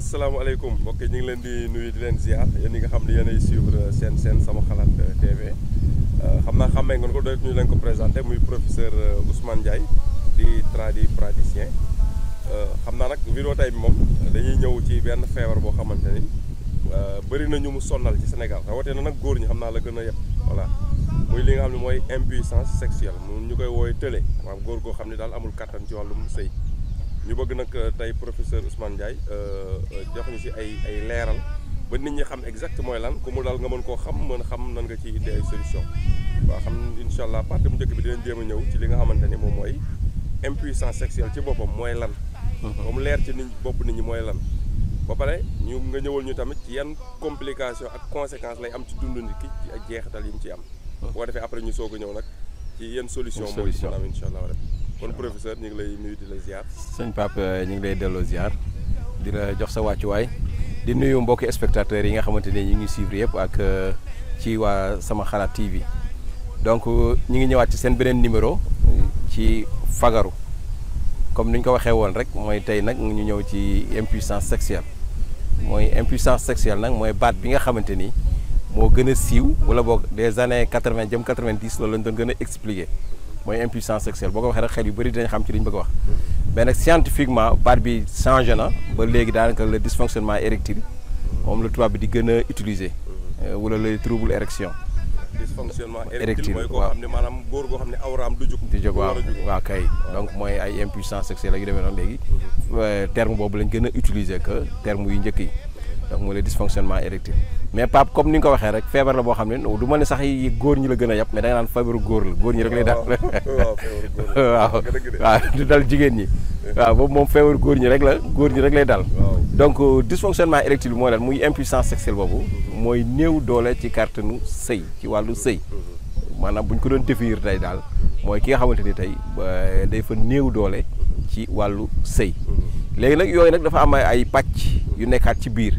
asalaamaaleykum mbokk yi ñu ngi leen di nuyu di leen ziar yéen yi nga xam ne yéenay suivre seen seen sama xalaat euh, TV euh, xam naa xàmmee ngeen ko doyet ñu leen ko présenté muy professeur euh, Ousmane Ndiaye di tradi praticien xam naa nag vidéo tey bi moom dañuy ñëw ci benn feebar boo xamante ni bëri na ñu mu sonnal ci Sénégal rawatee na nag góor ñi xam naa la gën a yëpp voilà muy li nga xam ne mooy impuissance sexuelle mu ñu koy wooye tële maanaam góor goo xam ne daal amul kattan ci wàllum sëy ñu bëgg nak euh, tay professeur Ousmane Ndiaye euh, euh, jox ñu ci ay ay léral ba nit ñi xam exact moy lan ku mu dal nga mëne ko xam mëne xam nan nga ci indi ay solution ba xam inshallah allah partie bu njëkk bi dinañ jëma a ñëw ci li nga xamante ni moy impuissance sexuelle ci bopam moy lan moom lér ci nit bop nit ñi moy lan ba paré ñu nga ñëwul ñu tamit ci yeen complication ak conséquence lay am ci dundu nit ki ci ak jeexital ci am mhm. bo defee après ñu soog ñëw nak ci yeen solution moy maanaam kon professeur ñu ngi lay nuyu di la ziar. sëñ Pape ñu ngi lay delloo ziar di la jox sa wàccuwaay di nuyu mbokki spectateurs yi nga xamante ñu ngi suivre yëpp ak euh, ci waa sama xalaat TV donc ñu ngi ñëwaat ci seen beneen numéro ci fagaru comme ni ñu ko waxee woon rek mooy tey nag ñu ñëw ci impuissance sexuelle mooy impuissance sexuelle nag mooy baat bi nga xamante ni moo gën a siiw wala boog des années quatre jëm quatre vingt lañ doon gën a expliquer. moy impuissance sexuelle boko waxe rek xel yu bari dañ xam ci liñ bëgg wax mais ben nag scientifiquement baat bi changé na ba léegi daanaka le dysfonctionnement érectile mom le tubaab bi di gëna a utiliser euh, wala le trouble érection dysfonctionnement érectile moy ko xamni manam goor go xamni awram du juk du jóg waaw waaw kay donc moy ay impuissance sexuelle ak yu demee noonu léegi euh, terme bobu lañ gëna utiliser que terme yu ñëk yi. donc mu lay dysfonctionnement érectile mais Pape comme ni nga ko waxee rek feebar la boo xam ne du ma ne sax yi góor ñi la gën a yàpp mais da nga naan feebaru góor la góor ñi rek lay dal waaw waaw dal jigéen ñi boobu moom feebaru góor ñi rek la góor ñi rek lay dal donc euh, dysfonctionnement érectile bi mooy lan muy impuissance sexuelle boobu mooy néew doole ci kàttanu sëy ci wàllu sëy maanaam bu ñu ko doon définir tey daal mooy ki nga xamante ni tey day fa néew doole ci wàllu sëy mm-hmm. léegi nag yooyu nag dafa am ay pàcc yu nekkaat ci biir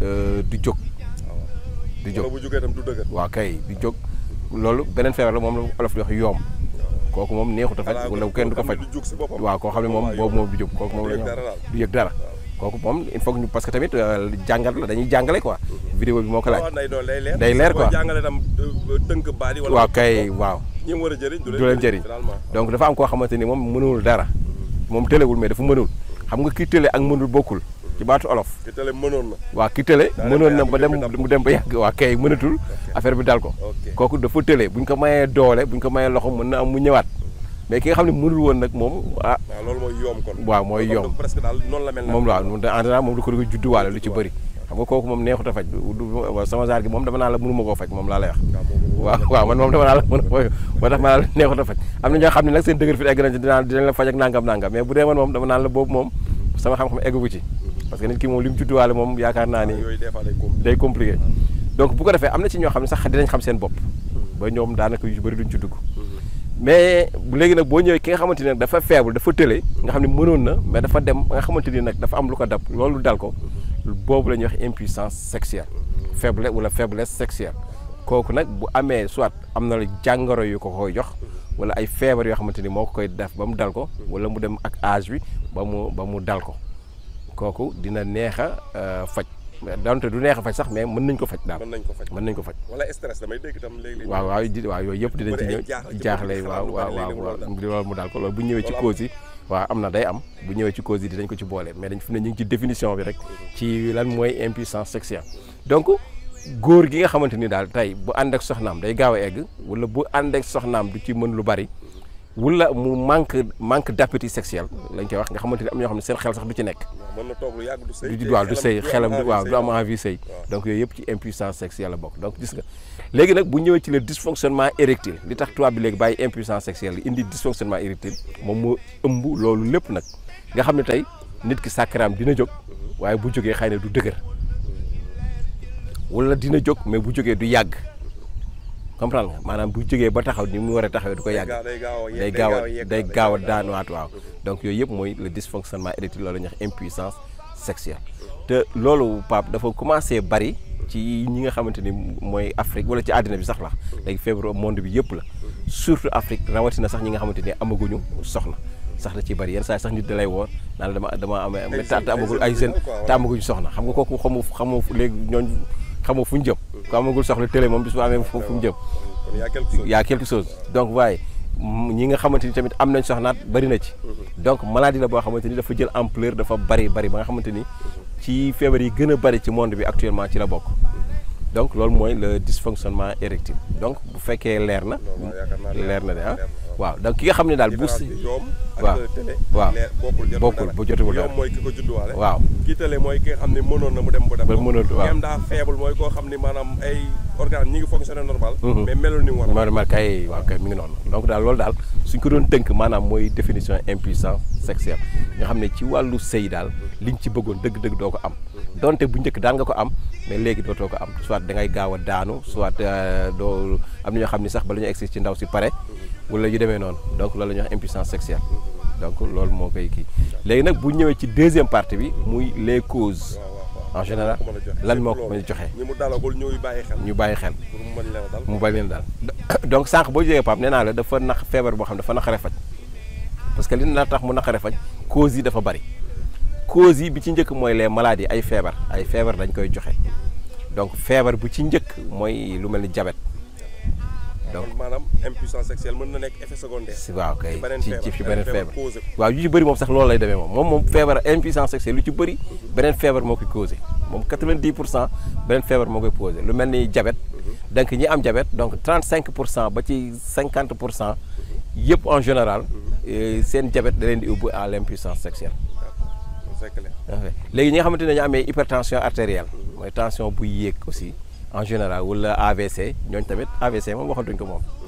du jóg. du jóg bu jógee itam du dëgër. waaw kay du jóg loolu beneen feebar la moom la olof di wax yoom. kooku moom neexut a faj wala kenn du ko faj waaw koo xam ne moom boobu moom du jóg kooku moom la du yëg dara kooku moom il faut que ñu parce que tamit euh, jàngal la dañuy jàngale quoi vidéo bi moo ko laaj oh, day leer quoi euh, waaw kay waaw du leen jëriñ donc dafa am koo xamante ni mënul dara moom tëlewul mais dafa mënul xam nga kii tële ak mënul bokkul ci baatu olof. kitale mënoon na. waaw kitale mënoon na ba dem mu dem ba yàgg waa kay mënatul affaire bi dal ko. kooku dafa tële bu ñu ko mayee doole bu ñu ko mayee loxo mën na am mu ñëwaat. mais ki nga xam ne mënul woon moom ah. waaw ah, loolu mooy yoom kon. waaw mooy yoom presque daal noonu la mel. moom waaw moom lu ko kooku moom neexut a faj sama genre gi moom dama naa la mënuma koo faj moom laa lay wax. waaw waaw man moom dama naa la mën a a xam ne nag seen dëgër fi egg nañ ci dinañ la faj ak moom moom sama xam-xam eggagu ci parce que nit ki moom li mu judduwaale moom yaakaar naa ni day compliqué donc bu ko defee am na si ñoo xam ne sax dinañ xam seen bopp hmm. ba ñoom daanaka yu bëri duñ ci dugg hmm. mais léegi nag boo ñëwee ki nga xamante ne dafa faible dafa tële nga xam ne mënoon na mais dafa dem nga xamante ni nag dafa am lu ko dab loolu dal ko hmm. boobu la ñuy wax impuissance sexuelle faible wala faiblesse sexuelle kooku nag bu amee soit am na la jàngoro yu ko koy jox wala ay feebar yoo xamante ni moo ko koy def ba mu dal ko wala mu dem ak âge bi ba mu ba mu dal ko kooku dina neex a euh, faj donte du neex a faj sax mais mën nañ ko faj daal. mën nañ ko faj mën nañ ko faj. wala stress damay dégg tam léeg-léeg. waaw waaw di yooyu yëpp dinañ ci ñëw jaaxle waaw waaw waaw loolu mu daal ko loolu bu ñëwee ci cause yi. waa am na day am bu ñëwee ci cause yi dinañ ko ci boole mais dañ fi ne ñu ngi ci définition bi rek ci lan mooy impuissance sexuelle donc góor gi nga xamante ni daal tey bu ànd ak soxnaam day gaaw a egg wala bu ànd ak soxnaam du ci mën lu bari wala mu manque manque d'appétit sexuel lañ koy wax nga xamanteni am ñoo xamni ne seen xel sax du ci nekk. mën na toog lu du sëy du waaw du sëy xelam du waaw du am envie sëy donc yooyu ci impuissance sexuelle la bok donc gis nga léegi nag bu ñëwee ci le dysfonctionnement érectile li tax tubaab bi légui baye impuissance sexuelle indi dysfonctionnement érectile mom moo ëmb loolu lepp nak nga xamni tay nit ki sakram dina jog waye bu joggé xayna du dëgër wala dina jog mais bu joggé du yag. comprendre nga maanaam bu jógee ba taxaw ni mu war a taxawee du ko yàgg day gaaw a day gaaw a daan waat waaw donc yooyu yëpp mooy le dysfonctionnement érectile loolu ñuy wax impuissance sexuelle te loolu Pape dafa commencé bari ci ñi nga xamante ni mooy Afrique wala ci àddina bi sax la léegi feebaru monde bi yëpp la surtout Afrique rawatina sax ñi nga xamante ni amaguñu soxna sax na ci bari yenn saa sax nit da lay woor naan dama dama amee te amagul ay jeunes te amaguñu soxna xam nga kooku xamu xamu léegi ñooñu xamoo fu ñu jëm ku amagul soxla télé moom bis bu amee fu mu jëm a quelque chose donc waaye ñi nga xamante ni tamit am nañ soxnaat bari na ci donc maladie la boo xamante ni dafa jël ampleur dafa bari bari ba nga xamante ni ci feebar yi gën a bari ci monde bi actuellement ci la bokk donc loolu mooy le dysfonctionnement érectile donc bu fekkee leer na leer na de ah waaw da ki nga xam ne daal bu si waaw waaw bokkul bu jotewul dara mooy ki ko judduwaale waaw kii télé mooy ki nga xam na mu dem ba dem mënoon waaw am mooy koo xam ne maanaam ay organe ñi ngi fonctionné mhm. ni mu war normal kay waaw kay mi ngi noonu donc daal loolu daal suñ ko doon tënk maanaam mooy définition impuissance sexuelle nga xam ne ci wàllu sëy daal liñ ci bëggoon dëgg-dëgg doo ko am donte bu njëkk daal nga ko am mais léegi dootoo ko am soit da ngay gaaw a daanu soit euh, doo am na ñoo xam ne sax ba la ñu egsi ci ndaw si pare donc c'est la impuissance sexuelle donc loolu moo koy kii léegi nag bu deuxième partie bi les causes en général lan moo ko mën a C'est mu dalagul ñu bàyyi xel. ñu donc sànq boo jógee PAM nee dafa nax feebar boo xam dafa parce que li na tax mu causes yi dafa bari causes les maladies ay feebar ay feebar dañ koy donc feebar bu ci njëkk mooy lu donc impuissance sexuelle mën na nekk effet secondaire. si waaw kay ci ci ci beneen feebar waaw yu ci bëri moom sax loolu lay demee moom moom moom feebar impuissance sexuelle lu ci bëri beneen feebar moo koy causé 90 pour cent beneen feebar moo koy causé lu mel diabète mhm. donc ñi am diabète donc 35 pour ba ci 50 pour en général mhm. euh, seen diabète da leen di à l' impuissance sexuelle. léegi ñi nga xamante ne dañoo hypertension artérielle mhm. mooy tension buy aussi. en général wala AVC ñooñ tamit AVC moom waxatuñ ko moom.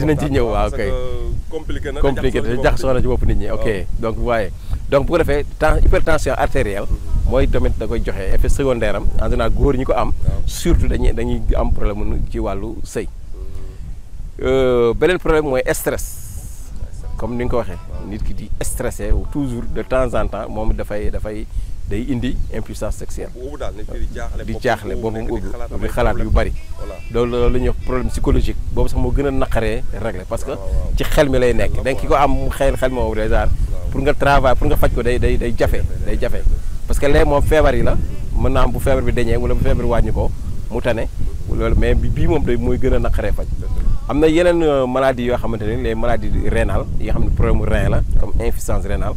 dinañ ci ñëw waaw kay compliqué na compliqué na jaxasoo na ci bop nit ñi ok donc waye donc bu ko defee temps hypertension artérielle moy mhm. domaine da koy joxé effet secondaire am en général goor ñi ko am surtout dañuy dañuy am problème ci walu sey mhm. euh benen problème moy stress comme ni nga ko waxee nit ki di stressé toujours de temps en temps mom da fay da fay day indi impuissance sexuelle di jaaxle boppam ubbi di xalaat yu bari loolu loolu la ñuy wax problème psychologique boobu sax moo gën a naqaree régler parce que ci xel mi lay nekk danga ki ko am xel xel moo déjà pour nga travail pour nga faj ko day day day jafe day jafe parce que lee moom feebar yi la mën naa am bu feebar bi deñee wala bu feebar wàññi ko mu tane loolu mais bi bii moom day mooy gën a naqaree faj am na yeneen euh, maladie yoo xamante ne les maladies rénales yi nga xam ne problème rein la comme insuffisance rénale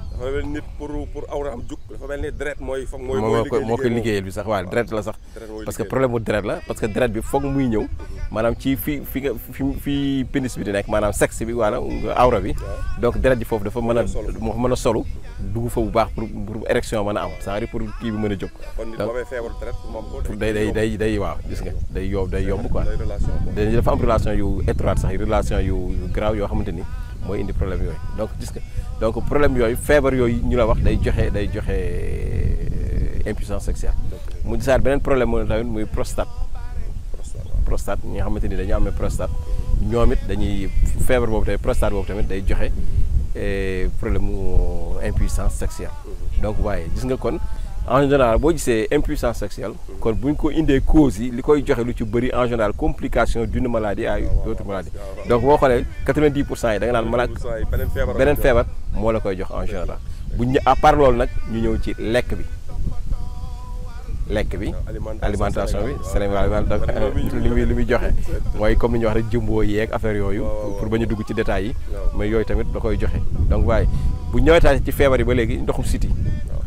dafa mel pour pour awraam dafa bi sax la sax parce que problème la parce que dret bi madame, muy ñew manam ci fi donc fa bu baax pour pour érection a pour day day day gis nga day day yomb quoi relation yu étroite sax relation yu grave moy indi problème yoy donc gis nga donc problème yoy fièvre yoy ñu la wax day joxé day joxé euh, impuissance sexuelle. mu gisaat benen problème mo tamit muy prostate. prostate ñi nga xamante ni dañoo prostate ñomit dañuy fièvre bobu tamit prostate bobu tamit day joxe euh, problème impuissance sexuelle donc waye gis nga kon en général c'est l'impuissance impuissance sexuelle si vous avez une des causes li koy en général complication d'une maladie à autre maladie. donc vous avez 90% da la en général à part loolu ñu ci alimentation bi euh, comme on dit, jumbo hier, affaire pour dugg ci détails mais vous tamit da koy vous donc une bu vous ci une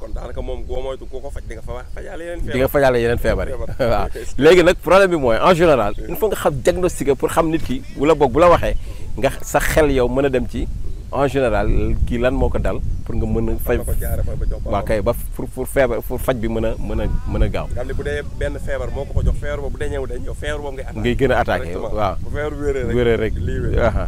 kon daanaka moom boo moytu koo ko faj di nga fa fajaale yeneen feebar di nga fajaale yeneen feebar yi waaw léegi nag problème bi mooy en général il faut nga xam diagnostic pour xam nit ki bu la boog bu la waxee nga sa xel yow mën a dem ci en général ki lan moko dal pour nga meuna a faj kay ba pour pour feebar pour fajj bi meuna a meuna a a nga xam budé ben fièvre moko ko jox fièvre boobu bu dee ñëw day ñëw feebar ngay attaquer ngay gëna a attaqué waaw bu fièvre wéré rek aha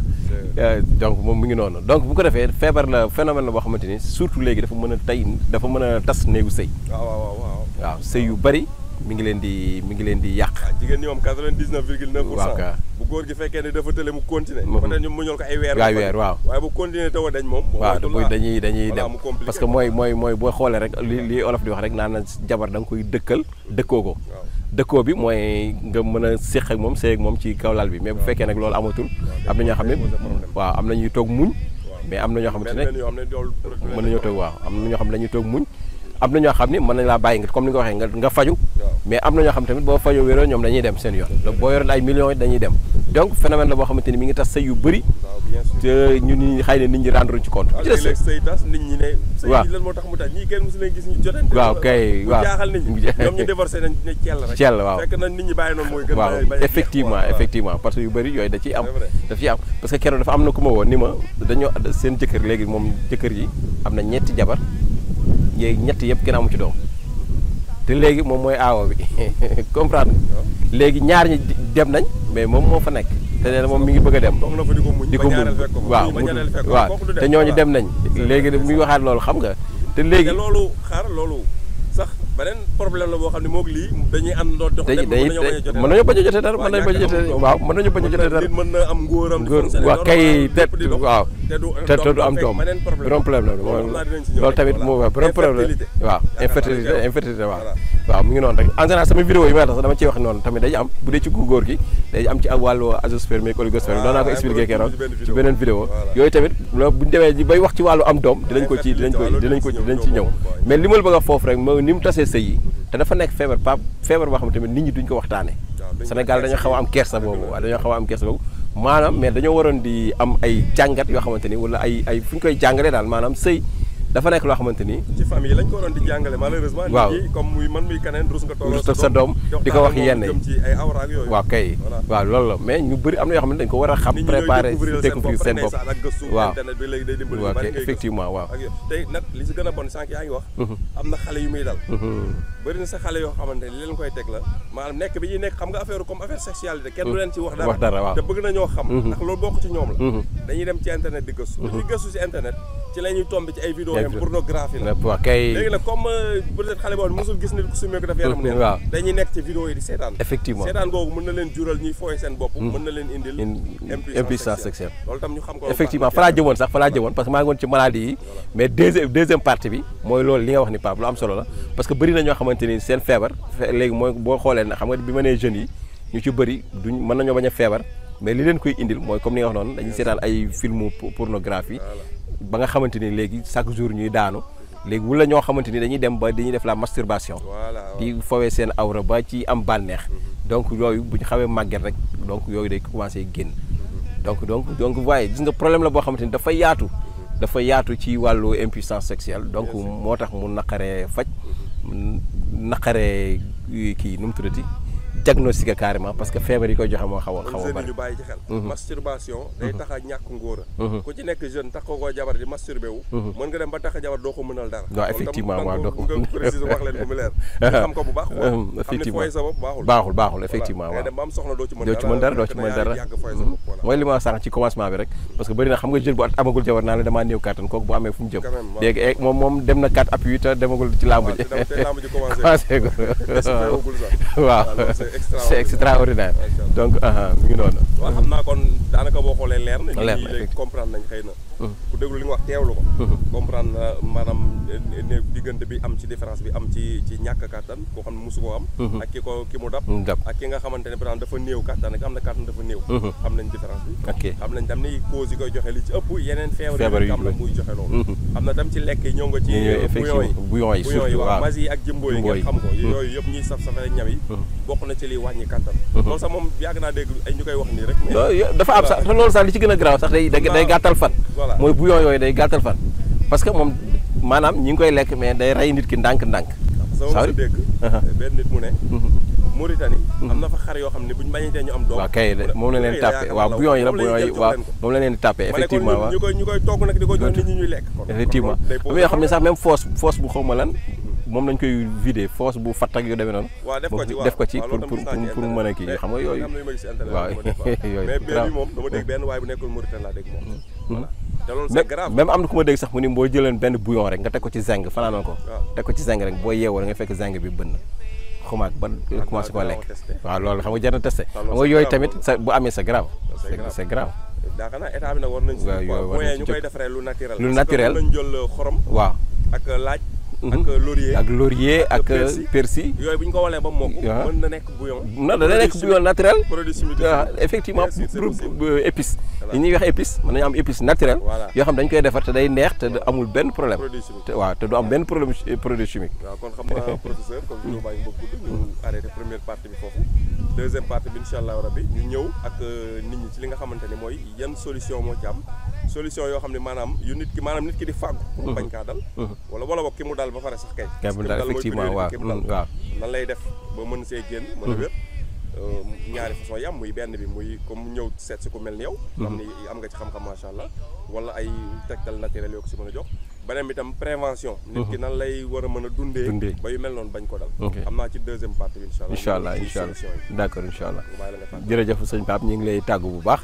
euh, donc mom mi ngi noonu donc bu ko défé fièvre la phénomène la bo xamanteni surtout légui dafa meuna a tey dafa mën a tas néegu sëy waaw waaw waaw sey yu bari mi ngi leen di mi ngi leen di yàq. waaw ah, jigéen ñi moom quatre vingt dix neuf virgule neuf pour cent bu góor gi waaw waaye bu a dañ dañuy dem parce que mooy mooy mooy boo xoolee rek li li olof di wax rek naan na jabar da nga koy dëkkal dëkkoo ko. dëkkoo bi mooy nga mën a séq ak moom séy ak moom ci kaw lal bi mais bu fekkee nag loolu amatul am na ñoo xam ne waaw am na ñuy toog muñ am na ñoo xamante ne mën nañoo toog waaw am na ñoo xam ne dañuy toog muñ am na ñoo xam ne mën na laa bàyyi nga comme ni nga waxee nga faju mais am na ñoo xam tamit boo fajoo wéroo ñoom dañuy dem seen yoon la boo yoroon ay millions dañuy dem donc phénomène la boo xamante ni mi ngi tas sëy yu bëri te ñun xëy na nit ñi rendre ci compte léeg nit ñi ne waaw lan moo tax mu tas ñii kenn mosu leen gis ñu jotante waaw kay waaw jaaxal nit ñi ñoom ñu divorcé nañ ne cell rek cell waaw fekk na nit effectivement effectivement parce que yu bëri yooyu da ciy am da ciy am parce que keroog dafa am na ku ma woo ni ma dañoo seen jëkkër léegi moom jëkkër yi am na ñetti jabar yéegi ñett yëpp kenn amu ci doom te léegi moom mooy aawo bi comprendre léegi ñaar ñi dem nañ mais moom moo fa nekk te nee moom mi ngi bëgg a dem di ko muñ waaw waaw te ñooñu dem nañ léegi mi ngi waxaat loolu xam nga te léegi loolu xaar loolu sax beneen problème la boo xam ne moog lii dañuy àndandoo dox dem mën nañu bañ a jotee dara a jotee waaw mën nañu bañ a jotee dara mën na am ngóoram waaw waaw te du am doom borom problème la loolu tamit moo wax borom problème waaw infertilité infertilité bu ah, yooyu tamit loolu bu ñu demee bay wax ci am doom dinañ ko ci dinañ ko dinañ ko dinañ ci ñëw moo ni mu tasee sëy yi te dafa nekk feebar pa feebar boo xam ne tamit nit ñi duñ ko waxtaane Sénégal dañoo xaw a am kersa boobu dañoo xaw am kersa boobu maanaam mais dañoo waroon di am ay jàngat yoo xamante ni wala ay ay fu ñu koy jàngalee daal maanaam sëy dafa nekk loo xamante ni. ci famille lañ ko waroon di jàngale waaw waaw kay waaw loolu mais ñu bëri am na yoo xam ne dañ ko war a xam préparé découvrir seen bopp waaw waaw kay effectivement waaw tey nag li si gën a bon sànq ngi wax mhm. am na xale yu muy dal mhm. bëri na sa xale yoo xamante li leen koy teg la maanaam nekk bi ñuy nekk xam nga affaire comme affaire sexualité kenn du mhm. leen ci wax dara te bëgg na ñoo xam ndax loolu bokk ci ñoom la ci la ñuy tombé ci ay vidéo yi pornographie la waaw kay léegi nag comme euh, peut être xale boobu mosul gis nit ku sumee ko daf yaram neen waaw dañuy nekk ci vidéo yi di seetaan effectivement seetaan googu mën na leen jural ñuy fooye seen bopp hmm. mën na leen indil impuissance sexuelle loolu tam ñu xam ko effectivement fa laa jëmoon sax fa laa jëmoon parce que maa ngi woon ci maladie yi mais deuxième deuxième partie bi mooy loolu li nga wax ni Pape lu am solo la parce que bëri na ñoo xamante ni seen feebar léegi mooy boo xoolee xam nga bi ma nee jeunes yi ñu ci bëri duñ mën nañoo bañ a feebar mais li leen koy indil mooy comme ni nga wax noonu dañuy seetaan ay filmu pornographie ba nga xamante ni chaque jour ñuy daanu léegi wala ñoo xamante dañuy dem ba dañuy def la masturbation di fowee seen awra ba ci am mhm. donc yooyu bu rek donc day commencé donc donc donc gis nga problème la boo xamante dafa yaatu dafa yaatu ci impuissance sexuelle donc moo mu diagnostiqué carrément parce que feebar yi koy joxe moo xaw a bari mhm. masturbation day mhm. tax ñàkk ngóor mhm. ba waaw effectivement waaw doo ko mën dara doo ci mën dara mooy li ma sànq ci commencement bi rek parce que bëri xam nga jeune bu amagul jabar naa la damaa néew kattan kooku bu amee fu jëm léegi eh, moom moom dem na quatre appui te demagul ci lamb ji commencé waaw c'est extraordinaire donc uh-huh, mi ngi noonu. waaw xam naa kon daanaka boo xoolee leer na. leer na comprendre nañ xëy na. ku déglu li nga wax teewlu ko comprendre na maanaam ne diggante bi am ci différence bi am ci ci ñàkk kàttan koo xam ne mosu koo am ak ki mu dab ak ki nga xamante ne par dafa néew kàttan dafa néew xam nañ sax moom yàgg naa dégg ñu koy wax nii rek dafa am sax loolu sax li ci gën a garaaw sax day gàttal fan mooy bouillon yooyu day gàttal fan parce que moom maanaam ñi ngi koy lekk mais day rey nit ki ndànk-ndànk sama uh-huh. mu ne mm-hmm. Mauritanie mm-hmm. am na fa ne buñ bañantee ñu am doom waaw kay de moom la leen tàppe waaw bouillon yi la bouillon yi waaw moom la leen tàppe effectivement waaw yoo xam ne sax même fosse fosse bu xaw ma lan moom lañ koy vider fosse bu fatt ak yu noonu def ko ci pour pour mën a kii yooyu waaw yooyu même am na ku ma dégg sax mu ni boo jëleen benn bouillon rek nga teg ko ci zinc fanaanal ko ah. teg ko ci zinc rek boo yeewoo da nga fekk zinc bi bënn xumaag ba ah, commencé koo lekk waaw loolu xam nga jar na testé ah, xam yooyu tamit bu amee sa grave c'est grave na état bi waaw yooyu koy defaree lu naturel lu naturel lañ jël euh, xorom waaw ak euh, laaj ak mhm. laurier ak laurier ak persil. yooyu bu ko walee ba moko mën na nek bouillon. non dana nekk bouillon naturel. effectivement euh, épice. ni ñuy wax épice mën nañu am épice naturel. yo xam dañ koy défar té day neex té amul ben problème. wa té du am ben problème produit chimique. wa euh, kon xam nga professeur comme ñu bàyyi mbokk ñu mm-hmm. arrêté première partie bi fofu deuxième partie bi incha allah rabi ñu ñëw ak euh, nit ñi ci li nga xamante ne mooy yan solution mo ci am. solution yoo xam ne maanaam yu nit ki maanaam nit ki di fàggu pour mu mhm. bañ kaa dal mhm. wala wala boog ki mu dal ba pare sax kay ki mu dal effectivement waaw ki mu dal mhm, waaw nan lay def ba mën see génn mën a wér euh, ñaari façon yi muy benn bi muy comme ñëw seet si ku mel ni yow xam ni am nga ci xam-xam macha wala ay tegtal naturel yoo ko si mën a jox beneen bi tam prévention nit ki nan lay war a mën a dundee ba yu mel noonu bañ ko dal am naa ci deuxième partie bi incha allah incha allah incha allah d' accord ñu ngi lay tàggu bu baax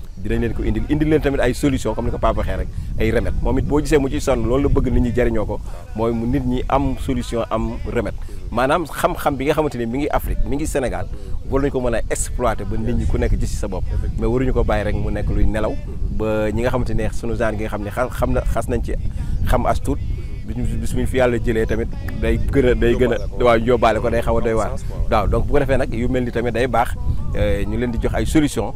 dinañ leen ko indil indi leen tamit ay solution comme ni ko Pape rek ay remède moom it boo gisee mu ci sonn loolu la bëgg nit ñi jariñoo ko mooy mu nit ñi am solution am remède maanaam xam-xam bi nga xamante ni mi ngi Afrique mi ngi Sénégal war nañu ko mën a exploiter ba nit ñi ku nekk gis ci sa bopp mais waruñu ko bàyyi rek mu nekk luy nelaw ba ñi nga xamante ne sunu genre gi nga xam ne xam na xas nañ ci xam as tuut bis buñ fi yàlla jëlee tamit day gën day gën a waaw yóbbaale ko day xaw a doy waar waaw donc bu ko defee nag yu mel ni tamit day baax euh, ñu leen di jox ay solution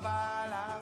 bala